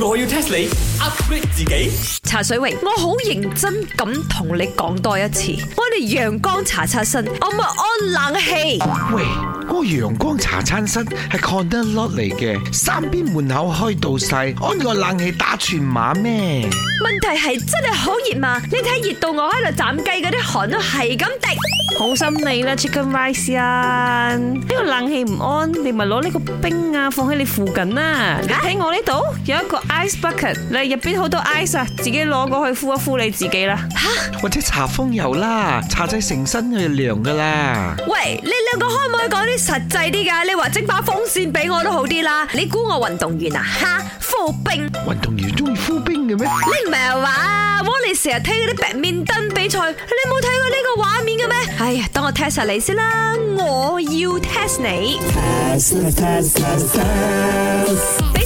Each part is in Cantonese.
我要 test 你 upgrade 自己。茶水榮，我好認真咁同你講多一次，我哋陽光擦擦身，我唔安冷氣。喂。咁個陽光茶餐室係 corner lot 嚟嘅，三邊門口開到細，安個冷氣打全馬咩？問題係真係好熱嘛，你睇熱到我喺度斬雞，嗰啲汗都係咁滴。好心你啦，Chicken Rice 啊，呢個冷氣唔安，你咪攞呢個冰啊放喺你附近啦。你睇我呢度有一個 ice bucket，你入邊好多 ice 啊，自己攞過去敷一敷你自己啦。吓，或者搽風油啦，搽晒成身去涼噶啦。喂，你兩個可唔可以講啲？實際啲噶，你話整把風扇俾我都好啲啦。你估我運動員啊？吓，敷冰。運動員中意敷冰嘅咩？ 你唔係話，我你成日睇嗰啲白面燈比賽，你冇睇過呢個畫面嘅咩？哎呀，等我 test 你先啦，我要 test 你。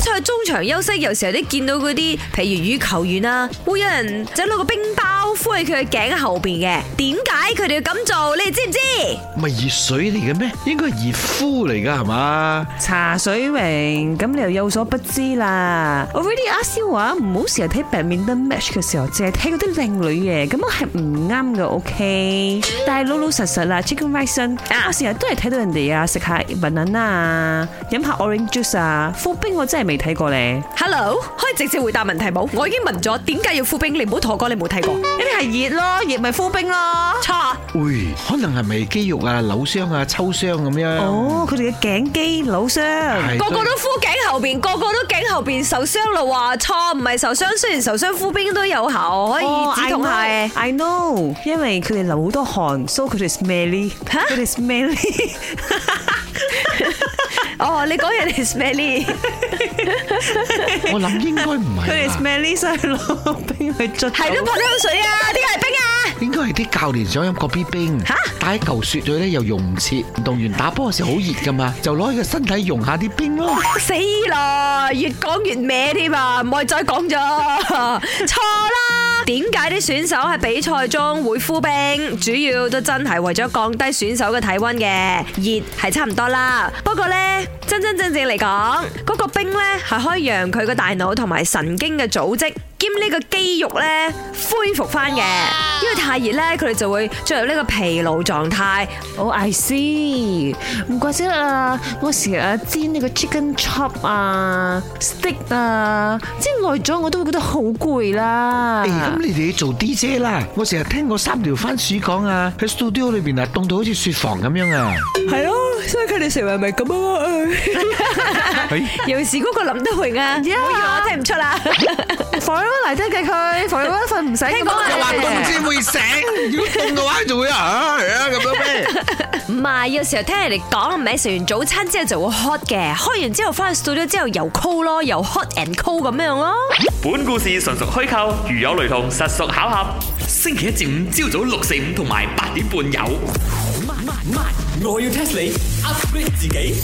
在中場休息，有時候你見到嗰啲，譬如羽球員啦，會有人整到個冰包敷喺佢嘅頸後邊嘅，點解佢哋要咁做？你哋知唔知？唔係熱水嚟嘅咩？應該係熱敷嚟噶係嘛？茶水明，咁你又有所不知啦。Already ask you 啊，唔好成日睇 badminton match 嘅時候，淨係睇嗰啲靚女嘅，咁係唔啱嘅。OK，但係老老實實啦，Chicken Rice，我成日都係睇到人哋啊食下 banana，飲下 orange juice 啊，敷冰我真係未睇過咧，Hello，可以直接回答問題冇？我已經問咗，點解要敷冰？你唔好同我講，你冇睇過，呢啲係熱咯，熱咪敷冰咯，錯。會可能係咪肌肉啊扭傷啊抽傷咁樣？哦，佢哋嘅頸肌扭傷，個個都敷頸後邊，個個都頸後邊受傷咯，話錯唔係受傷，雖然受傷敷冰都有效，可以止痛下嘅。I know，因為佢哋流好多汗，so 佢哋 smelly，佢哋 smelly。哦，你講嘢你 smelly，我諗應該唔係。佢哋 smelly 所以攞冰去捽，係咯，潑啲水啊！啲係冰啊！應該係啲教練想飲個 B 冰。嚇、啊！打一嚿雪水咧又溶唔切，運動員打波時好熱噶嘛，就攞佢個身體溶下啲冰咯。死咯 、哦，越講越歪添啊！唔好再講咗，錯啦。 點解啲選手喺比賽中會敷冰？主要都真係為咗降低選手嘅體溫嘅，熱係差唔多啦。不過呢，真真正正嚟講，嗰個冰呢係可以讓佢個大腦同埋神經嘅組織。兼呢個肌肉咧恢復翻嘅，因為太熱咧，佢哋就會進入呢個疲勞狀態。我 I see 唔怪之得啦。我成日煎呢個 chicken chop 啊，stick 啊，煎耐咗我都會覺得好攰啦。咁你哋做 DJ 啦，我成日聽我三條番薯講啊，喺 studio 裏邊啊凍到好似雪房咁樣啊。係咯，所以佢哋成日咪咁啊？ 尤其是嗰個林德榮啊，Yeah. 我聽唔出啦。火鍋嚟真嘅佢，火鍋瞓唔醒。又話凍先會醒，如果凍嘅話就會啊，咁樣咩？唔係，有時候聽人哋講，唔係食完早餐之後就會 hot 嘅，開完之後返去睡咗之後又 cool 咯，又 hot and cool 咁樣咯。本故事純屬虛構，如有雷同，實屬巧合。星期一至五朝早六四五同埋八點半有。我要 test 你 upgrade 自己。